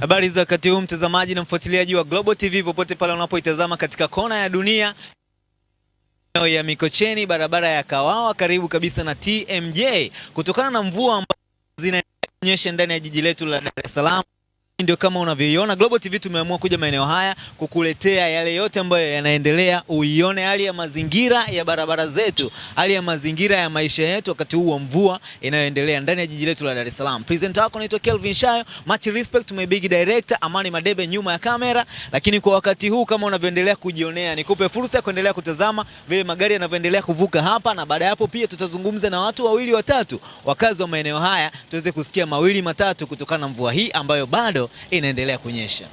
Habari za wakati huu mtazamaji na mfuatiliaji wa Global TV popote pale unapoitazama katika kona ya dunia ya Mikocheni, barabara ya Kawawa, karibu kabisa na TMJ, kutokana na mvua ambazo zinaonyesha ndani ya jiji letu la Dar es Salaam ndio kama unavyoiona Global TV tumeamua kuja maeneo haya kukuletea yale yote ambayo yanaendelea, uione hali ya mazingira ya barabara zetu, hali ya mazingira ya maisha yetu wakati huu wa mvua inayoendelea ndani ya jiji letu la Dar es Salaam. Presenter wako naitwa Kelvin Shayo, much respect to my big director Amani Madebe nyuma ya kamera, lakini kwa wakati huu kama unavyoendelea kujionea, nikupe fursa ya kuendelea kutazama vile magari yanavyoendelea kuvuka hapa, na baada ya hapo pia tutazungumza na watu wawili watatu, wakazi wa maeneo haya, tuweze kusikia mawili matatu kutokana na mvua hii ambayo bado inaendelea kunyesha.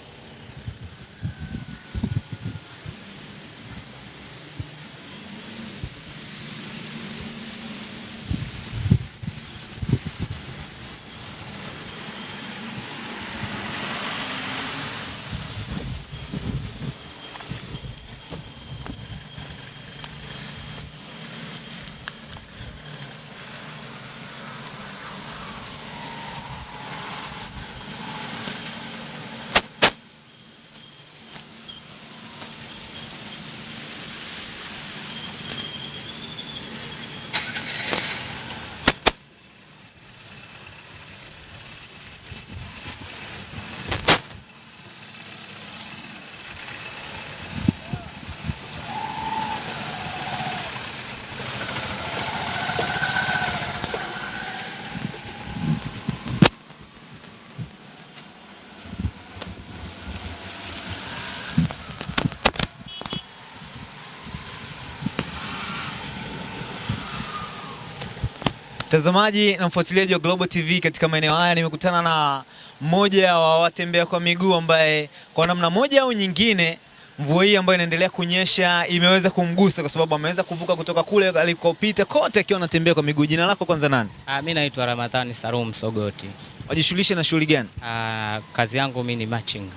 Mtazamaji na mfuatiliaji wa Global TV katika maeneo haya, nimekutana na mmoja wa watembea kwa miguu ambaye kwa namna moja au nyingine mvua hii ambayo inaendelea kunyesha imeweza kumgusa kwa sababu ameweza kuvuka kutoka kule alikopita kote akiwa anatembea kwa miguu. Jina lako kwanza nani? Ah, mimi naitwa Ramadhani Salum Sogoti. Wajishughulisha na shughuli gani? Ah, kazi yangu mimi ni matching.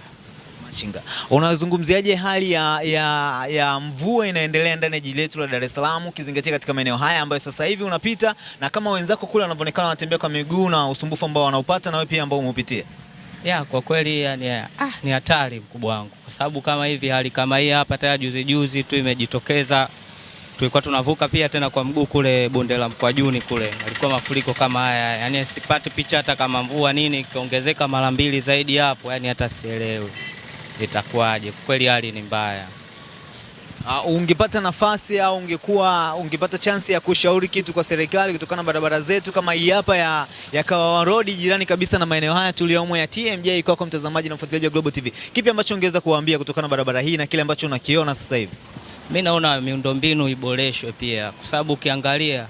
Machinga, unazungumziaje hali ya, ya, ya mvua inaendelea ndani ya jiji letu la Dar es Salaam, ukizingatia katika maeneo haya ambayo sasa hivi unapita na kama wenzako kule wanavyoonekana wanatembea kwa miguu na usumbufu ambao wanaupata na wewe pia ambao umeupitia? Ya, kwa kweli ya, ni, ah, ni hatari mkubwa wangu, kwa sababu kama hivi hali kama hii hapa tayari juzi juzi tu imejitokeza. Tulikuwa tunavuka pia tena kwa mguu kule bonde la Mkwajuni kule, alikuwa mafuriko kama haya, yaani sipati picha hata kama mvua nini ikiongezeka mara mbili zaidi hapo, yaani hata sielewi itakuwaje. Kwa kweli hali ni mbaya. Uh, ungepata nafasi au ungekuwa ungepata chansi ya kushauri kitu kwa serikali kutokana na barabara zetu kama hii hapa ya, ya Kawawa Road jirani kabisa na maeneo haya tuliyomo ya TMJ, kwako mtazamaji na mfuatiliaji wa Global TV, kipi ambacho ungeweza kuwaambia kutokana na barabara hii na kile ambacho unakiona sasa hivi? Mimi naona miundombinu iboreshwe pia, kwa sababu ukiangalia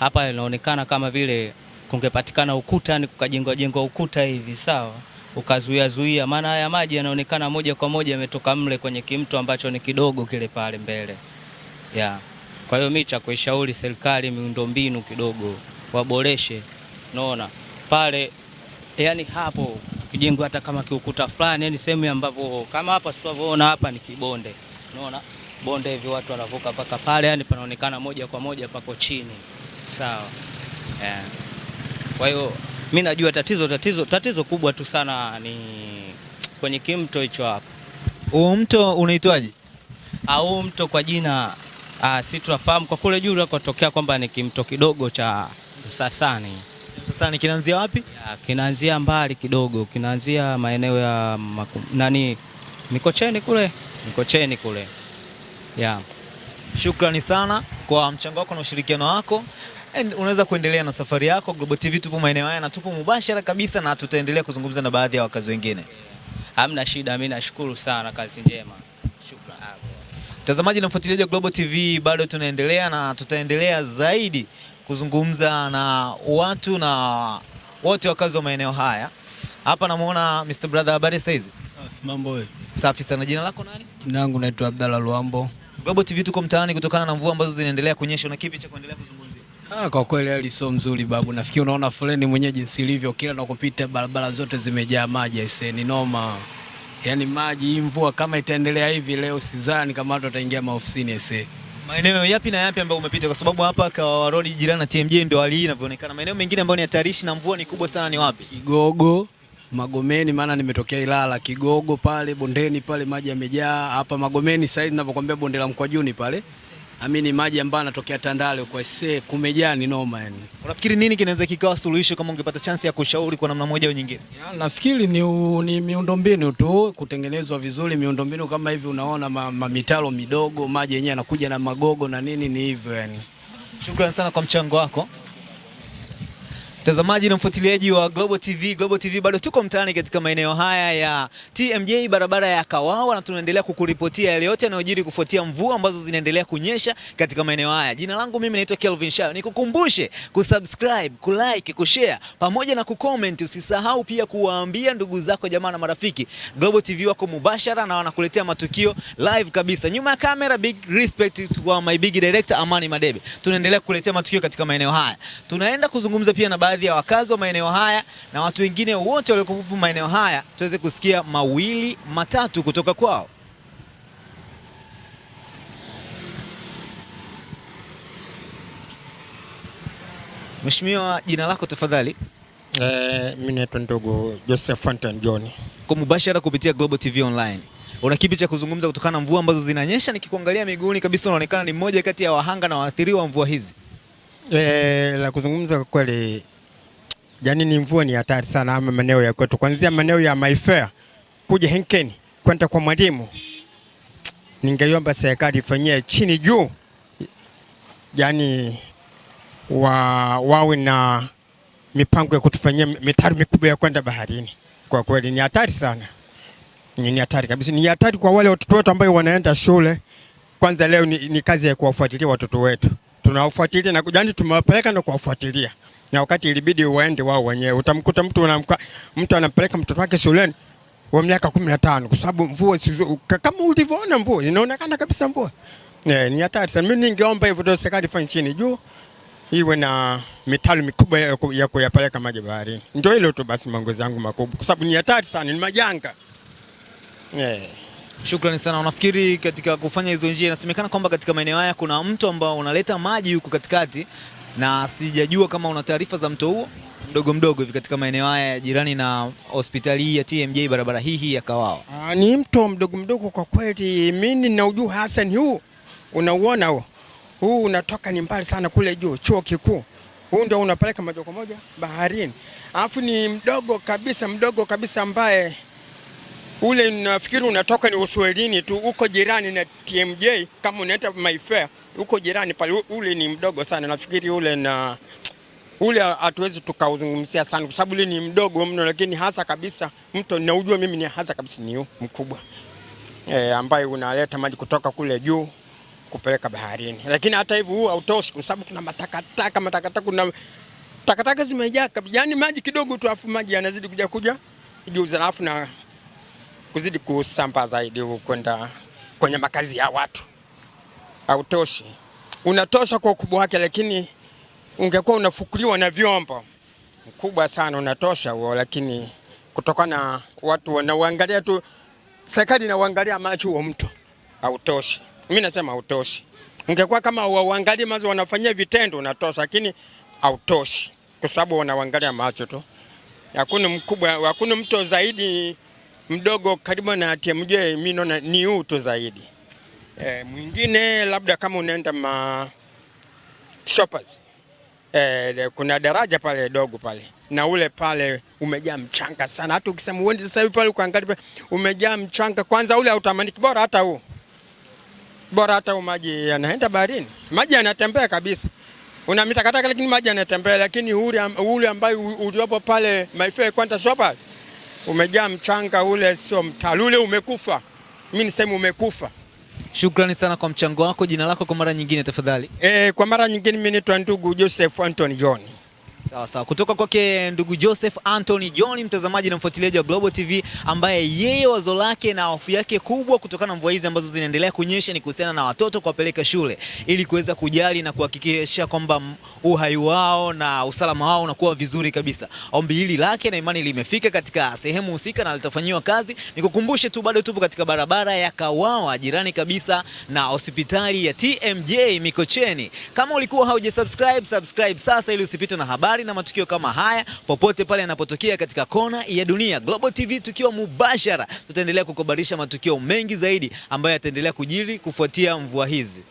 hapa inaonekana kama vile kungepatikana ukuta, yani kukajengwa jengwa ukuta hivi, sawa ukazuiazuia, maana haya maji yanaonekana moja kwa moja yametoka mle kwenye kimto ambacho ni kidogo kile pale mbele yeah. Kwa hiyo mi cha kuishauri serikali, miundombinu kidogo waboreshe, naona pale yani hapo kijengo hata kama kiukuta fulani, yani sehemu ambapo kama hapa tunavyoona hapa ni kibonde, unaona bonde hivi watu wanavuka mpaka pale, yani panaonekana moja kwa moja pako chini, sawa yeah. Kwa hiyo mimi najua tatizo tatizo tatizo kubwa tu sana ni kwenye kimto hicho hapo. Huu mto unaitwaje? Au ah, mto kwa jina uh, si tunafahamu kwa kule juu nakotokea kwamba ni kimto kidogo cha Msasani. Msasani kinaanzia wapi? kinaanzia mbali kidogo, kinaanzia maeneo ya maku, nani Mikocheni kule, Mikocheni kule. Ya. Shukrani sana kwa mchango wako na ushirikiano wako. And unaweza kuendelea na safari yako. Global TV tupo maeneo haya na tupo mubashara kabisa, na tutaendelea kuzungumza na baadhi ya wakazi wengine. Hamna shida, mimi nashukuru sana, kazi njema. Shukrani. Mtazamaji na mfuatiliaji wa Global TV, bado tunaendelea na tutaendelea zaidi kuzungumza na watu na wote wakazi wa maeneo haya. Hapa namuona Mr. Brother, habari saizi? Mambo. wewe. Safi sana. Jina lako nani? Jina langu naitwa Abdalla Luambo. Global TV tuko mtaani kutokana na mvua ambazo zinaendelea kunyesha, na kipi cha kuendelea kuzungumza Ah, kwa kweli hali sio mzuri babu. Nafikiri unaona foleni mwenyewe jinsi ilivyo, kila nakupita barabara zote zimejaa maji aisee, ni noma. Yaani maji hii mvua kama itaendelea hivi leo sidhani kama watu wataingia maofisini aisee. Maeneo yapi na yapi ambayo umepita? Kwa sababu hapa Kawawa Road jirani na TMJ ndio hali hii inavyoonekana. Maeneo mengine ambayo ni hatarishi na mvua ni kubwa sana ni wapi? Kigogo, Magomeni, maana nimetokea Ilala, Kigogo pale bondeni pale maji yamejaa. Hapa Magomeni sasa hivi ninapokuambia bonde la Mkwajuni pale amini maji ambayo anatokea Tandale kwa se kumejaa ni noma yani. Unafikiri nini kinaweza kikawa suluhisho kama ungepata chance ya kushauri kwa namna moja au nyingine? Nafikiri ni, ni miundombinu tu kutengenezwa vizuri miundombinu kama hivi unaona ma, ma midogo maji yenyewe yanakuja na magogo na nini ni hivyo yani. Shukrani sana kwa mchango wako. Mtazamaji na mfuatiliaji wa Global TV, Global TV bado tuko mtaani katika maeneo haya ya TMJ barabara ya Kawawa na tunaendelea kukuripotia yale yote yanayojiri kufuatia mvua ambazo zinaendelea kunyesha katika maeneo haya. Jina langu mimi naitwa Kelvin Shayo. Nikukumbushe kusubscribe, kulike, kushare pamoja na kucomment. Usisahau pia kuwaambia ndugu zako, jamaa na marafiki. Global TV wako mubashara na wanakuletea matukio live kabisa. Nyuma ya kamera, big respect to my big director Amani Madebe. Tunaendelea kukuletea matukio katika maeneo haya. Tunaenda kuzungumza pia na baadhi baadhi ya wakazi wa maeneo haya na watu wengine wote waliokuwepo maeneo haya, tuweze kusikia mawili matatu kutoka kwao. Mheshimiwa, jina lako tafadhali? Eh, mimi naitwa ndogo Joseph Fantan John. Kwa mubashara kupitia Global TV Online. Una kipi cha kuzungumza kutokana na mvua ambazo zinanyesha? Nikikuangalia miguuni kabisa unaonekana ni mmoja kati ya wahanga na waathiriwa wa mvua hizi. Eh, la kuzungumza kwa kweli Yaani ni mvua ni hatari sana ama maeneo ya kwetu. Kuanzia maeneo ya Mayfair kuja Henkeni kwenda kwa Mwalimu. ningeomba serikali ifanyie chini juu. Yaani wa wawe na mipango ya kutufanyia mitaro mikubwa ya kwenda baharini. Kwa kweli ni hatari sana. Ni hatari kabisa. Ni hatari kwa wale watoto wetu ambao wanaenda shule. Kwanza leo ni, ni kazi ya kuwafuatilia watoto wetu. Tunawafuatilia na yaani tumewapeleka na kuwafuatilia na wakati ilibidi uende wao wenyewe. Utamkuta mtu unamka, mtu anapeleka mtoto wake shuleni wa miaka 15 kwa sababu mvua, kama ulivyoona mvua inaonekana kabisa mvua eh, ni hatari sana. Mimi ningeomba hivyo ndio serikali fanye chini juu iwe na mitalo mikubwa ya kuyapeleka maji baharini. Ndio hilo tu basi, maongezi zangu makubwa, kwa sababu ni hatari sana, ni majanga eh. Shukrani sana. Unafikiri katika kufanya hizo njia, inasemekana kwamba katika maeneo haya kuna mto ambao unaleta maji huko katikati na sijajua kama una taarifa za mto huo mdogo mdogo hivi katika maeneo haya ya jirani na hospitali hii ya TMJ barabara hii hii ya Kawawa. Aa, ah, ni mto mdogo mdogo kwa kweli, mimi ninaujua hasa ni huu unauona huo huu unatoka ni mbali sana kule juu chuo kikuu, huu ndio unapeleka moja kwa moja baharini, alafu ni mdogo kabisa mdogo kabisa ambaye ule nafikiri unatoka ni Uswahilini tu, uko jirani na TMJ kama unaenda Mayfair huko jirani pale, ule ni mdogo sana, nafikiri ule na ule hatuwezi tukauzungumzia sana kwa sababu ule ni mdogo mno, lakini hasa kabisa mto ninaujua mimi ni hasa kabisa ni huu mkubwa e, ambaye unaleta maji kutoka kule juu kupeleka baharini. Lakini hata hivyo huu hautoshi kwa sababu kuna matakataka, matakataka, kuna takataka zimejaa, yani maji kidogo tu, afu maji yanazidi kuja kuja juu, halafu na kuzidi kusambaa zaidi kwenda kwenye makazi ya watu hautoshi. Unatosha kwa ukubwa wake, lakini ungekuwa unafukuliwa na vyombo mkubwa sana. Unatosha huo, lakini kutokana na watu wanauangalia tu, serikali inauangalia macho huo mtu, hautoshi. Mimi nasema hautoshi. Ungekuwa kama wauangalia mazo, wanafanyia vitendo, unatosha, lakini hautoshi kwa sababu wanauangalia macho tu. Hakuna mkubwa, hakuna mtu zaidi mdogo, karibu na TMJ. Mimi naona ni utu zaidi. E, mwingine labda kama unaenda ma shoppers e, kuna daraja pale dogo pale na ule pale umejaa mchanga sana, hata ukisema uende sasa hivi pale ukaangalia umejaa mchanga. Kwanza ule hautamani, bora hata huo bora hata huo, maji yanaenda baharini, maji yanatembea kabisa una mitakataka lakini maji yanatembea, lakini ule ule ambaye uliopo pale maifia kwanta shopa umejaa mchanga, ule sio mtalule, umekufa. Mimi nisema umekufa. Shukrani sana kwa mchango wako. Jina lako kwa mara nyingine tafadhali. E, kwa mara nyingine mimi naitwa ndugu Joseph Anthony John. Sawa sawa, kutoka kwake ndugu Joseph Anthony John, mtazamaji na mfuatiliaji wa Global TV, ambaye yeye wazo lake na hofu yake kubwa kutokana na mvua hizi ambazo zinaendelea kunyesha ni kuhusiana na watoto kuwapeleka shule ili kuweza kujali na kuhakikisha kwamba uhai wao na usalama wao unakuwa vizuri kabisa. Ombi hili lake na imani limefika katika sehemu husika na litafanyiwa kazi. Nikukumbushe tu, bado tupo katika barabara ya Kawawa, jirani kabisa na hospitali ya TMJ Mikocheni. Kama ulikuwa haujasubscribe, subscribe sasa ili usipitwe na habari habari na matukio kama haya popote pale yanapotokea katika kona ya dunia. Global TV tukiwa mubashara, tutaendelea kukubarisha matukio mengi zaidi ambayo yataendelea kujiri kufuatia mvua hizi.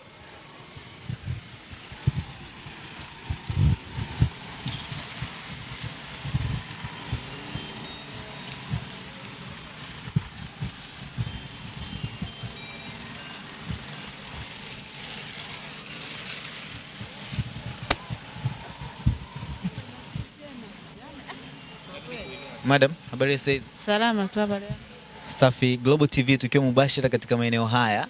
Madam, habari saizi? Salama tu habari. Safi. Global TV tukiwa mubashara katika maeneo haya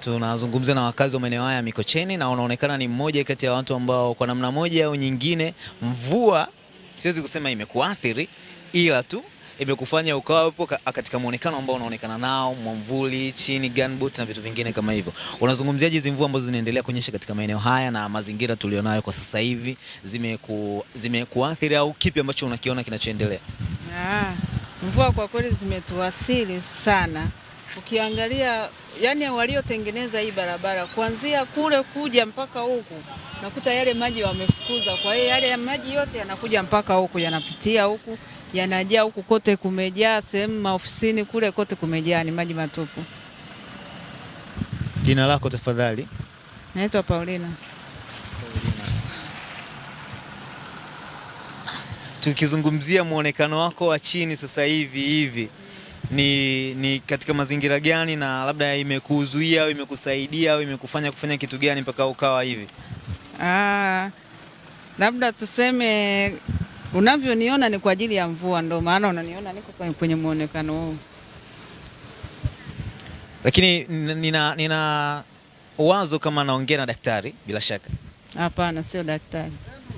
tunazungumza na wakazi wa maeneo haya Mikocheni, na unaonekana ni mmoja kati ya watu ambao kwa namna moja au nyingine mvua, siwezi kusema imekuathiri, ila tu imekufanya ukawa katika muonekano ambao unaonekana nao, mwamvuli chini, gunboot na vitu vingine kama hivyo. Unazungumziaje hizi mvua ambazo zinaendelea kunyesha katika maeneo haya na mazingira tulionayo kwa sasa hivi, zimeku zime au kipi ambacho unakiona kinachoendelea? Ah, mvua kwa kweli zimetuathiri sana. Ukiangalia yani, waliotengeneza hii barabara kuanzia kule kuja mpaka huku nakuta yale maji wamefukuza, kwa hiyo yale maji yote yanakuja mpaka huku, yanapitia huku yanajaa, huku kote kumejaa, sehemu maofisini kule kote kumejaa, ni maji matupu. Jina lako tafadhali? Naitwa Paulina. Paulina, tukizungumzia mwonekano wako wa chini sasa hivi hivi ni, ni katika mazingira gani na labda imekuzuia au imekusaidia au imekufanya kufanya kitu gani mpaka ukawa hivi? Ah, labda tuseme Unavyoniona ni kwa ajili ya mvua, ndo maana unaniona niko kwenye muonekano huu, lakini nina, nina wazo kama naongea na daktari. Bila shaka hapana, sio daktari,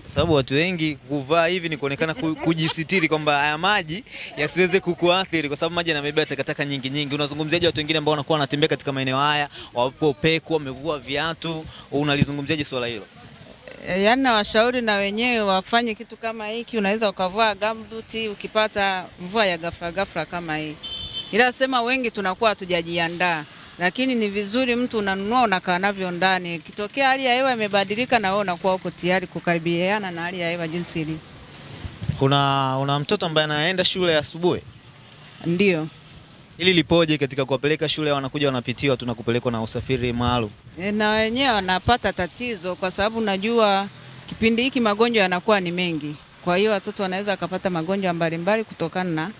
sababu watu wengi kuvaa hivi ni kuonekana kujisitiri kwamba haya maji yasiweze kukuathiri, kwa sababu maji yanabeba takataka nyingi nyingi. Unazungumziaje watu wengine ambao wanakuwa wanatembea katika maeneo haya, wapo peku, wamevua viatu, unalizungumziaje swala hilo? Eh, yaani nawashauri na wenyewe wafanye kitu kama hiki. Unaweza ukavua gambuti ukipata mvua ya ghafla ghafla kama hii, ila sema wengi tunakuwa hatujajiandaa, lakini ni vizuri mtu unanunua unakaa navyo ndani, ikitokea hali ya hewa imebadilika, na wewe unakuwa uko tayari kukaribiana na hali ya hewa jinsi ilivyo. Kuna una mtoto ambaye anaenda shule asubuhi? Ndio. Hili lipoje katika kuwapeleka shule, wanakuja wanapitiwa tu na kupelekwa na usafiri maalum? E, na wenyewe wanapata tatizo kwa sababu najua kipindi hiki magonjwa yanakuwa ni mengi, kwa hiyo watoto wanaweza wakapata magonjwa mbalimbali kutokana na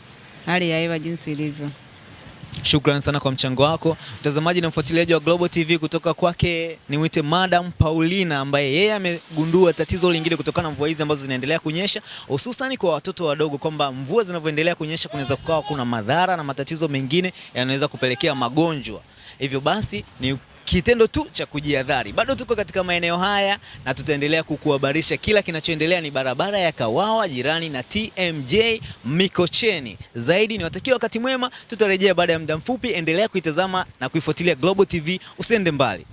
hali ya hewa jinsi ilivyo. Shukran sana kwa mchango wako mtazamaji na mfuatiliaji wa Global TV. Kutoka kwake ni mwite Madam Paulina ambaye yeye amegundua tatizo lingine kutokana na mvua hizi ambazo zinaendelea kunyesha, hususani kwa watoto wadogo, kwamba mvua zinavyoendelea kunyesha kunaweza kukawa kuna madhara na matatizo mengine yanaweza kupelekea magonjwa. Hivyo basi ni kitendo tu cha kujihadhari. Bado tuko katika maeneo haya na tutaendelea kukuhabarisha kila kinachoendelea. Ni barabara ya Kawawa jirani na TMJ Mikocheni. Zaidi ni watakia wakati mwema, tutarejea baada ya muda mfupi. Endelea kuitazama na kuifuatilia Global TV, usiende mbali.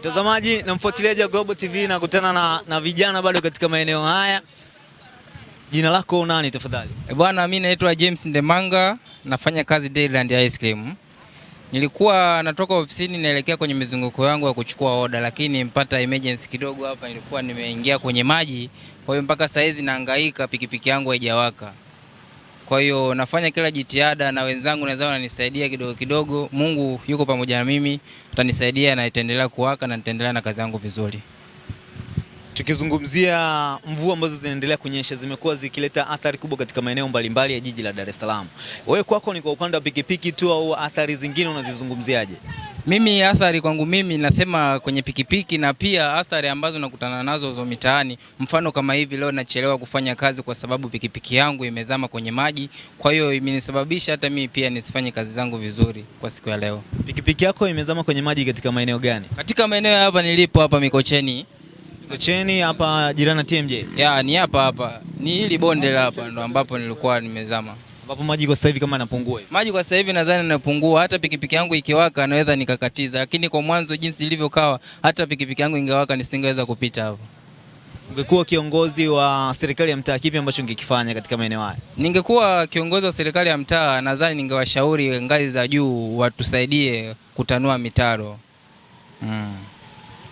Mtazamaji na mfuatiliaji wa Global TV nakutana na, na vijana bado katika maeneo haya. Jina lako nani tafadhali? E bwana, mimi naitwa James Ndemanga, nafanya kazi Dairyland Ice Cream. Nilikuwa natoka ofisini naelekea kwenye mizunguko yangu ya kuchukua oda, lakini mpata emergency kidogo hapa, nilikuwa nimeingia kwenye maji, kwa hiyo mpaka saa hizi pikipiki yangu haijawaka. Kwa hiyo nafanya kila jitihada na wenzangu naweza wananisaidia kidogo kidogo. Mungu yuko pamoja na mimi, atanisaidia na itaendelea kuwaka na nitaendelea na kazi yangu vizuri. Tukizungumzia mvua ambazo zinaendelea kunyesha zimekuwa zikileta athari kubwa katika maeneo mbalimbali ya jiji la Dar es Salaam. Wewe kwako ni kwa upande wa pikipiki tu au athari zingine unazizungumziaje? Mimi athari kwangu mimi nasema kwenye pikipiki na pia athari ambazo nakutana nazo za mitaani. Mfano kama hivi leo nachelewa kufanya kazi kwa sababu pikipiki yangu imezama kwenye maji, kwa hiyo imenisababisha hata mimi pia nisifanye kazi zangu vizuri kwa siku ya leo. Pikipiki yako imezama kwenye maji katika maeneo gani? Katika maeneo hapa nilipo hapa Mikocheni. Cheni hapa jirani TMJ. Ya, ni hapa hapa. Ni hili bonde la hapa ndo ambapo nilikuwa nimezama. Ambapo maji kwa sasa hivi kama yanapungua Maji kwa sasa hivi nadhani yanapungua, hata pikipiki yangu ikiwaka naweza nikakatiza, lakini kwa mwanzo jinsi ilivyokawa hata pikipiki yangu ingewaka nisingeweza kupita hapo. Ungekuwa kiongozi wa serikali ya mtaa, kipi ambacho ungekifanya katika maeneo haya? Ningekuwa kiongozi wa serikali ya mtaa, nadhani ningewashauri ngazi za juu watusaidie kutanua mitaro mm.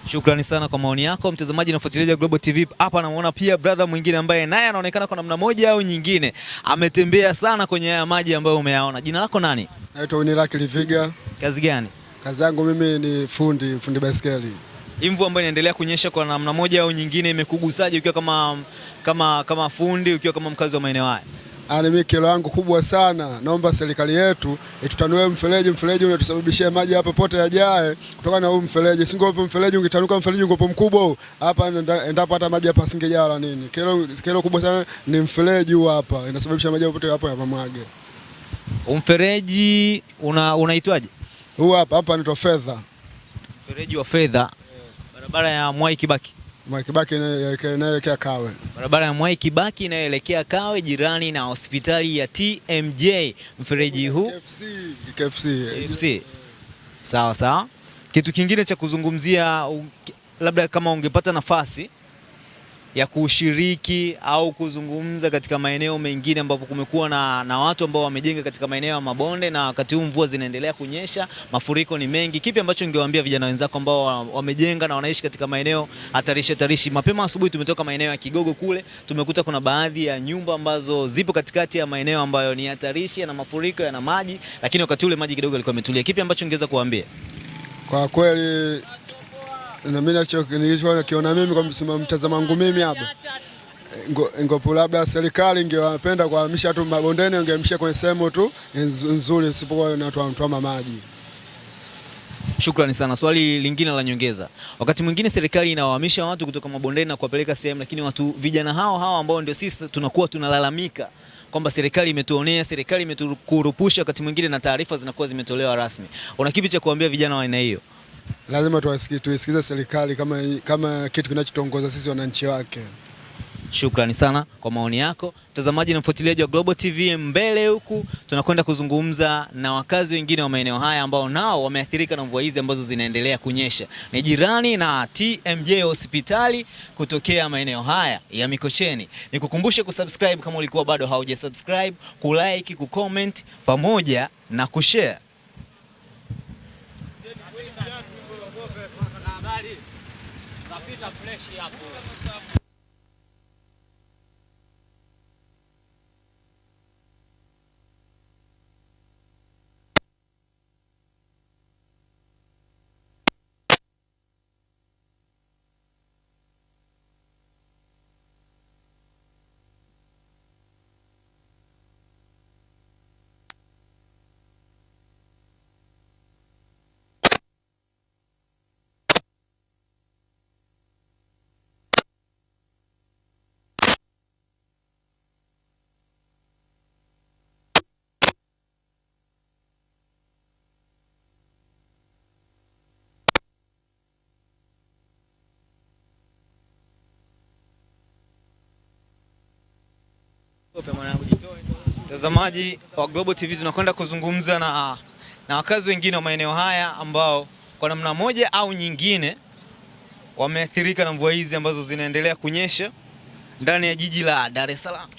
Shukrani sana kwa maoni yako mtazamaji na mfuatiliaji wa Global TV. Hapa namuona pia brother mwingine ambaye naye anaonekana kwa namna moja au nyingine ametembea sana kwenye haya maji ambayo umeyaona. Jina lako nani? Naitwa Winiraki Liviga. Kazi gani? Kazi yangu mimi ni fundi, fundi baiskeli. Mvua ambayo inaendelea kunyesha kwa namna moja au nyingine imekugusaje ukiwa kama, kama, kama fundi ukiwa kama mkazi wa maeneo haya? Ah, Mimi kero yangu kubwa sana, naomba serikali yetu itutanue mfereji. Mfereji unatusababishia maji hapa pote yajae kutokana na huu mfereji. Singopo mfereji ungetanuka, mfereji ungopo mkubwa hapa, endapo hata maji hapa singejaa la nini. Kero, kero kubwa sana ni mfereji huu hapa, inasababisha maji pote hapa yapamwage. Mfereji una unaitwaje huu hapa? Hapa ni fedha, mfereji wa fedha, eh. barabara ya Mwai Kibaki Mwai Kibaki inaelekea Kawe, barabara ya Mwai Kibaki inayoelekea Kawe, jirani na hospitali ya TMJ. Mfereji huu KFC. Sawa sawa. Kitu kingine cha kuzungumzia, labda kama ungepata nafasi ya kushiriki au kuzungumza katika maeneo mengine ambapo kumekuwa na, na watu ambao wamejenga katika maeneo ya mabonde na wakati huu mvua zinaendelea kunyesha, mafuriko ni mengi. Kipi ambacho ungewaambia vijana wenzako ambao wamejenga na wanaishi katika maeneo hatarishi hatarishi? Mapema asubuhi tumetoka maeneo ya Kigogo kule, tumekuta kuna baadhi ya nyumba ambazo zipo katikati ya maeneo ambayo ni hatarishi, yana mafuriko, yana maji, lakini wakati ule maji kidogo yalikuwa yametulia. Kipi ambacho ungeweza kuambia Kwa kweli na mimi nakiona mimi kwa mtazamo wangu mimi hapa ngopo labda serikali ingewapenda kuhamisha tu mabondeni, ingehamishia kwenye sehemu tu nzuri, isipokuwa inatuama maji. Shukrani sana. Swali lingine la nyongeza, wakati mwingine serikali inawahamisha watu kutoka mabondeni na kuwapeleka sehemu, lakini watu vijana hao hao ambao ndio sisi tunakuwa tunalalamika kwamba serikali imetuonea, serikali imetukurupusha, wakati mwingine na taarifa zinakuwa zimetolewa rasmi. Una kipi cha kuambia vijana wa aina hiyo? lazima tuisikize serikali kama, kama kitu kinachotongoza sisi wananchi wake. Shukrani sana kwa maoni yako mtazamaji na mfuatiliaji wa Global TV. Mbele huku tunakwenda kuzungumza na wakazi wengine wa maeneo haya ambao nao wameathirika na mvua hizi ambazo zinaendelea kunyesha. Ni jirani na TMJ hospitali kutokea maeneo haya ya Mikocheni. Nikukumbushe kusubscribe kama ulikuwa bado subscribe, kulike, kucomment pamoja na kushare. Napita fresh hapo. Mtazamaji wa Global TV tunakwenda kuzungumza na, na wakazi wengine wa maeneo haya ambao kwa namna moja au nyingine wameathirika na mvua hizi ambazo zinaendelea kunyesha ndani ya jiji la Dar es Salaam.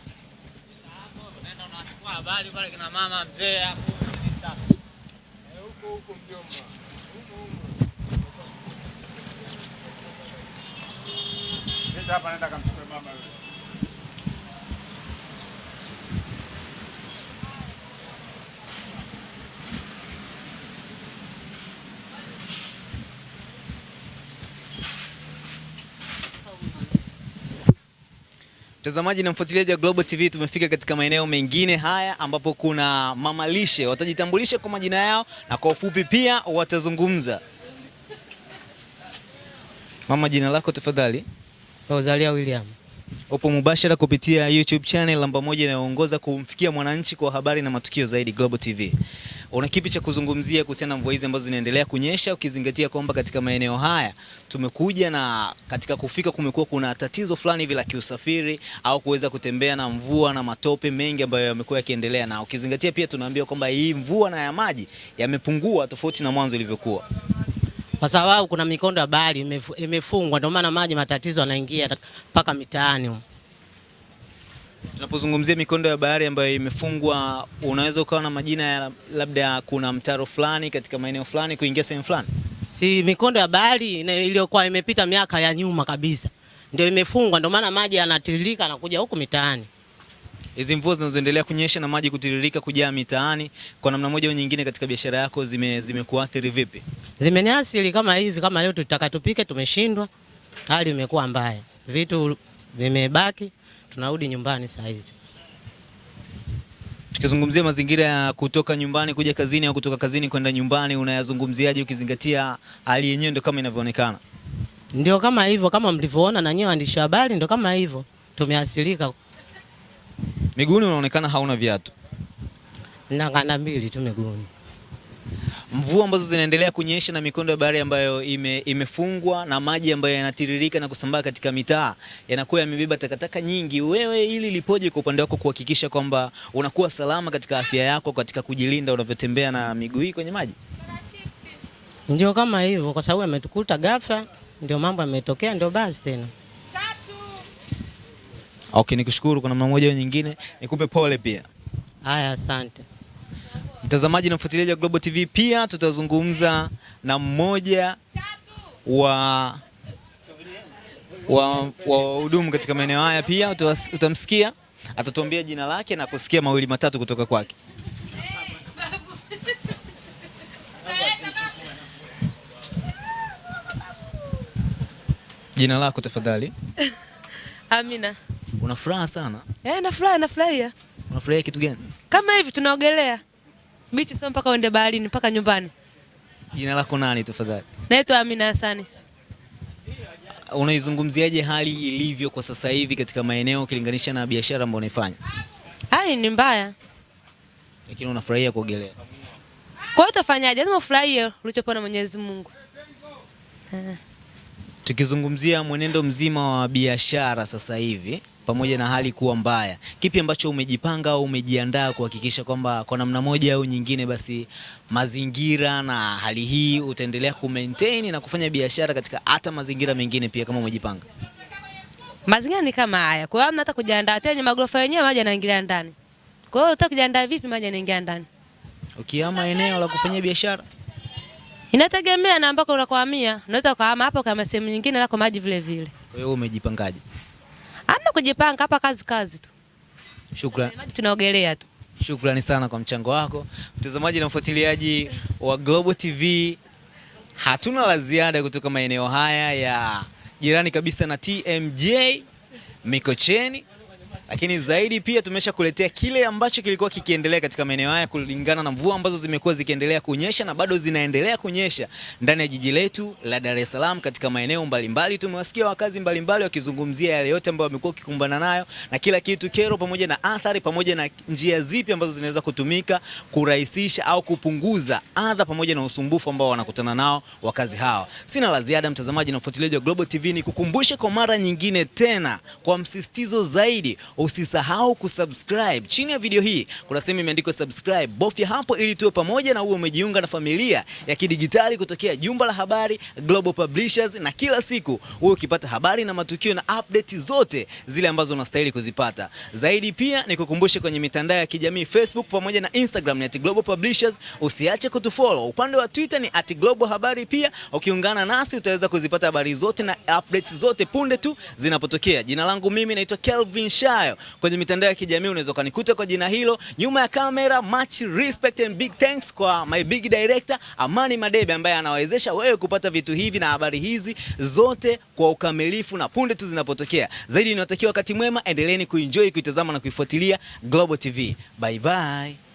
Mtazamaji na mfuatiliaji wa Global TV, tumefika katika maeneo mengine haya ambapo kuna mamalishe, watajitambulisha kwa majina yao na kwa ufupi pia watazungumza. Mama, jina lako tafadhali? Rosalia William. Upo mubashara kupitia YouTube channel namba moja inayoongoza kumfikia mwananchi kwa habari na matukio zaidi, Global TV. Una kipi cha kuzungumzia kuhusiana na mvua hizi ambazo zinaendelea kunyesha ukizingatia kwamba katika maeneo haya tumekuja na katika kufika kumekuwa kuna tatizo fulani hivi la kiusafiri au kuweza kutembea na mvua na matope mengi ambayo yamekuwa yakiendelea, na ukizingatia pia tunaambiwa kwamba hii mvua na ya maji yamepungua tofauti na mwanzo ilivyokuwa kwa sababu kuna mikondo ya bahari imefungwa, ndio maana maji matatizo yanaingia mpaka mitaani. Tunapozungumzia mikondo ya bahari ambayo imefungwa, unaweza ukawa na majina ya labda, kuna mtaro fulani katika maeneo fulani kuingia sehemu fulani. Si mikondo ya bahari iliyokuwa imepita miaka ya nyuma kabisa ndio imefungwa, ndio maana maji yanatiririka na kuja huku mitaani. Hizi mvua zinazoendelea kunyesha na maji kutiririka kujaa mitaani, kwa namna moja au nyingine, katika biashara yako zime zimekuathiri vipi? Zimeniathiri kama hivi, kama leo tutakatupike, tumeshindwa, hali imekuwa mbaya, vitu vimebaki tunarudi nyumbani saa hizi. Tukizungumzia mazingira ya kutoka nyumbani kuja kazini au kutoka kazini kwenda nyumbani, unayazungumziaje ukizingatia hali yenyewe ndio kama inavyoonekana? Ndio kama hivyo, kama mlivyoona na nyewe waandishi wa habari, ndio kama hivyo tumeasilika. Miguuni unaonekana hauna viatu. Na mbili tu miguuni mvua ambazo zinaendelea kunyesha na mikondo ya bahari ambayo ime, imefungwa na maji ambayo yanatiririka na kusambaa katika mitaa yanakuwa yamebeba takataka nyingi. Wewe hili lipoje kwa upande wako kuhakikisha kwamba unakuwa salama katika afya yako katika kujilinda unavyotembea na miguu hii kwenye maji? Ndio kama hivyo, kwa sababu ametukuta ghafla, ndio mambo yametokea, ndio basi tena. Okay, nikushukuru kwa namna moja au nyingine, nikupe pole pia. Haya, asante. Mtazamaji na mfuatiliaji wa Global TV, pia tutazungumza na mmoja wa wa wahudumu katika maeneo haya, pia utamsikia atatuambia jina lake na kusikia mawili matatu kutoka kwake. Jina lako tafadhali? Amina. Una furaha sana? Eh, nafurahi, nafurahia. Unafurahia kitu gani? Kama hivi tunaogelea Michi sio mpaka uende baharini, mpaka nyumbani. Jina lako nani tafadhali? Naitwa Amina Hasani. Unaizungumziaje hali ilivyo kwa sasa hivi katika maeneo ukilinganisha na biashara ambayo unaifanya? Hali ni mbaya. Lakini unafurahia kuogelea. Kwa hiyo utafanyaje? Lazima ufurahie ulichopewa na Mwenyezi Mungu. Tukizungumzia mwenendo mzima wa biashara sasa hivi pamoja na hali kuwa mbaya, kipi ambacho umejipanga au umejiandaa kuhakikisha kwamba kwa namna moja au nyingine, basi mazingira na hali hii utaendelea ku maintain na kufanya biashara katika hata mazingira mengine pia, kama umejipanga? Mazingira ni kama haya, kwa hiyo hata kujiandaa tena. Magorofa yenyewe maji yanaingilia ndani, kwa hiyo utaki kujiandaa vipi? Maji yanaingia ndani. Ukihama eneo la kufanyia biashara, inategemea na ambako unakwamia. Unaweza kuhama hapo kama sehemu nyingine lako maji vile vile. Kwa hiyo umejipangaje? Hamna kujipanga hapa, kazi kazi tu. Shukrani. Tunaogelea tu. Shukrani sana kwa mchango wako. Mtazamaji na mfuatiliaji wa Global TV, hatuna la ziada kutoka maeneo haya ya jirani kabisa na TMJ Mikocheni lakini zaidi pia kuletea kile ambacho kilikuwa kikiendelea katika maeneo haya kulingana na mvua ambazo zimekuwa zikiendelea kunyesha na bado zinaendelea kunyesha ndani ya jiji letu la Dar es Salaam katika maeneo mbalimbali. Tumewasikia wakazi mbalimbali wakizungumzia yale yote ambayo wamekuwa kikumbana nayo na kila kitu, kero pamoja na athari, pamoja na njia zipi ambazo zinaweza kutumika kurahisisha au kupunguza adha pamoja na usumbufu ambao wanakutana nao wakazi hawa. Sina la ziada, mtazamaji na mfuatiliaji wa Global TV, ni kukumbushe kwa mara nyingine tena kwa msisitizo zaidi usisahau kusubscribe. Chini ya video hii kuna sehemu imeandikwa subscribe, bofya hapo ili tuwe pamoja na uwe umejiunga na familia ya kidigitali kutokea Jumba la Habari Global Publishers, na kila siku uwe ukipata habari na matukio na update zote zile ambazo unastahili kuzipata. Zaidi pia nikukumbushe kwenye mitandao ya kijamii Facebook pamoja na Instagram ni at Global Publishers, usiache kutufollow. Upande wa Twitter ni at Global Habari, pia ukiungana nasi utaweza kuzipata habari zote na updates zote punde tu zinapotokea. Jina langu mimi naitwa Kelvin Shah ijayo. Kwenye mitandao ya kijamii unaweza ukanikuta kwa jina hilo. Nyuma ya kamera, much respect and big thanks kwa my big director Amani Madebe ambaye anawawezesha wewe kupata vitu hivi na habari hizi zote kwa ukamilifu na punde tu zinapotokea. Zaidi niwatakia wakati mwema, endeleeni kuenjoy, kuitazama na kuifuatilia Global TV. Bye bye.